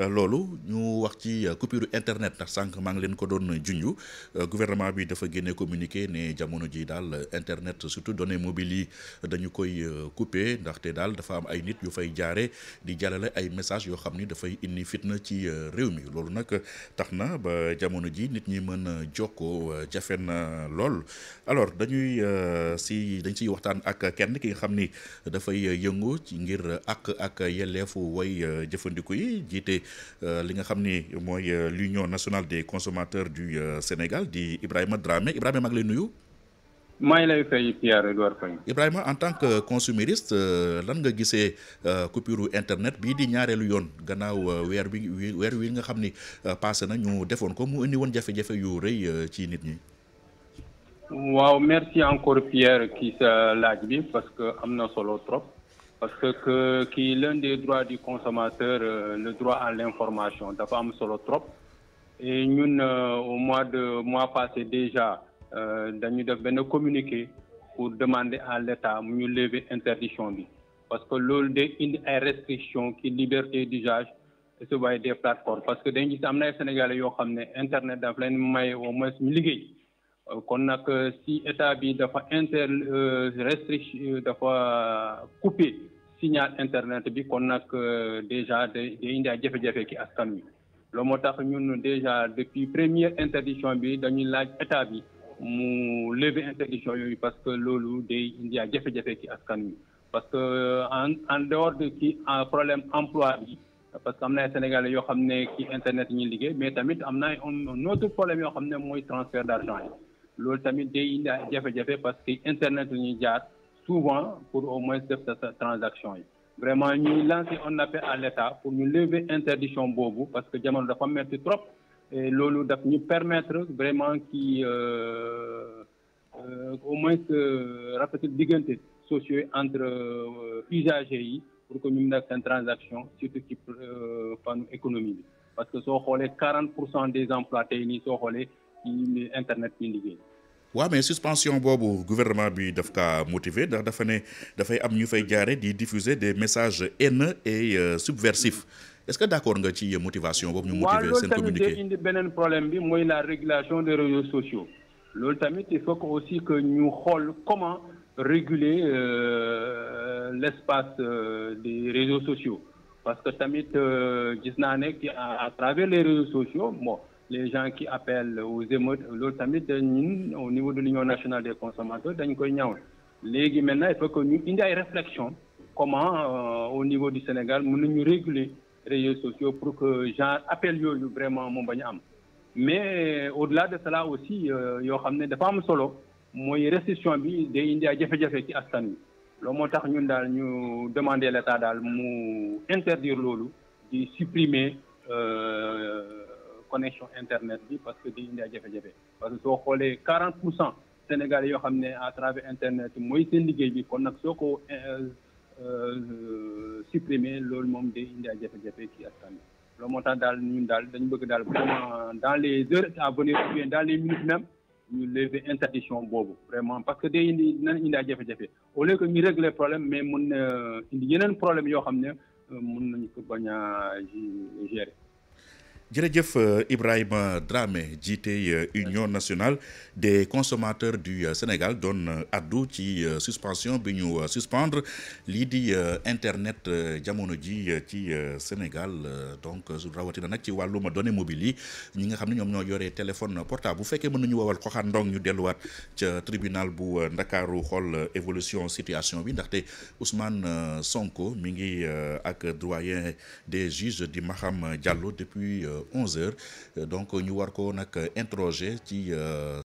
Euh, loolu ñu wax ci euh, coupure internet ndax sànq maa ngi leen ko doon junju euh, gouvernement bi dafa génne communiqué ne jamono ji daal internet surtout données mobiles yi dañu koy coupé ndaxte daal dafa am ay nit yu fay jaare di jàllale ay message yoo xam ni dafay indi fitna ci réew mi loolu nag tax na ba jamono ji nit ñi mën a jokkoo jafe lool alors dañuy si dañ siy waxtaan ak kenn ki nga xam ni dafay yëngu ci ngir àq ak yelleefu way jëfandiku yi jiite jiite euh, li nga xam ni mooy euh, l'union nationale de consomateur du euh, Sénégal di Ibrahima Dramé Ibrahima mag lay nuyu. maa ngi lay fay Pierre Edouard Faye. Ibrahima en tant que consumériste lan nga gisee coupure internet bii di ñaareelu yoon gannaaw weer wi weer wi nga xam ni passé na ñu defoon ko mu indi woon jafe-jafe yu rëy ci nit ñi. waaw merci encore Pierre kii sa laaj bi parce que am na solo trop. parce que kii l'un des droits du consommateur euh, le droit à l'information dafa am solo trop et ñun euh, au mois de mois passé déjà euh, dañu def benn communiqué pour demander à l'État mu ñu lever interdiction bi parce que loolu day indi ay restrictions ci liberté d'usage et ce waaye des plateformes parce que dañ gis am na ay Sénégalais yoo xam ne internet daf leen may au moins ñu liggéey kon nag si état bi dafa inter restriction dafa couper signal internet bi kon nag euh, déjà day day indi ay jafe-jafe ki askan wi loolu moo tax ñun déjà depuis première interdiction bi dañuy laaj état bi mu lever interdiction yooyu parce que loolu day indi ay jafe-jafe ki askan wi parce que euh, en en dehors de ci problème emploi bi parce que am na ay yoo xam ne ci internet ñuy liggéey mais tamit am na un autre problème yoo xam ne mooy transfert d' argent yi loolu tamit day indi jafe-jafe parce que internet la ñuy jaar. souvent pour au moins def transaction yi vraiment ñuy lancer un appel à l'État pour ñu lever interdiction boobu parce que jamono dafa metti trop et loolu daf ñu permettre vraiment ki euh, euh, au moins rafetal diggante sociaux entre euh, usagers yi pour que ñu mun def seen transaction surtout ci panne économie bi parce que soo xoolee quarante pour cent des emplois tey nii soo xoolee internet ñi liggéey waaw mais suspension boobu gouvernement bi daf ka motiver ndax dafa ne dafay am ñu fay jaare di diffuser des messages haineux et euh, subversifs est-ce que d'accord nga ci motivation boobu ñu motiver seen communiqué waaw tamit beneen problème bi mooy la régulation des loolu tamit il faut que aussi que ñu xool comment réguler euh, l'espace euh, des réseaux sociaux parce que tamit euh, gis naa ne à travers les réseaux sociaux les gens qui appellent aux émeutes loolu tamit ñun au niveau de l'union nationale des consommateurs dañ koy ñaawal léegi maintenant il faut que ñu indi réflexion comment euh, au niveau du Sénégal mën nañu réguler réseaux sociaux pour que genre appel yooyu vraiment moom bañ a am mais au-delà de cela aussi euh, yoo xam ne dafa am solo mooy restriction bi de india ay jafe-jafe ci askan wi loolu moo tax ñun daal ñu demander l'État daal mu interdire loolu di supprimer euh, connexion internet bi parce que di indi ay jafe-jafe parce que soo xoolee 40 pour cent Sénégalais yoo xam ne à travers internet mooy seen liggéey bi kon nag soo ko euh, euh, supprimer loolu moom day indi ay jafe-jafe ci askan bi loolu moo tax daal ñun daal dañu bëgg daal vraiment dans les heures à venir ou bien dans les minutes même ñu lever interdiction boobu vraiment parce que de indi dinañ indi ay jafe-jafe au lieu que ñu régler problème mais mun na euh, indi yeneen problème yoo xam ne mun nañu ko bañ a gérer. jërëjëf euh, Ibrahima Dramé jiite euh, Union nationale de consommateurs du euh, Sénégal doon addu ci suspension bi ñu suspendre lii di internet jamono ji ci Sénégal donc rawatina nag ci wàllu wàllum données mobiles yi ñi nga xam ne ñoom ñoo yoree téléphone portable bu fekkee mën nañu wowal xoxaan ndong ñu delluwaat ca tribunal bu Ndakaaru xool évolution situation bi ndaxte Ousmane Sonko mi ngi ak doyen des juges di Maham Diallo depuis. 11 heures euh, donc ñu war ko nag euh, interroger ci euh,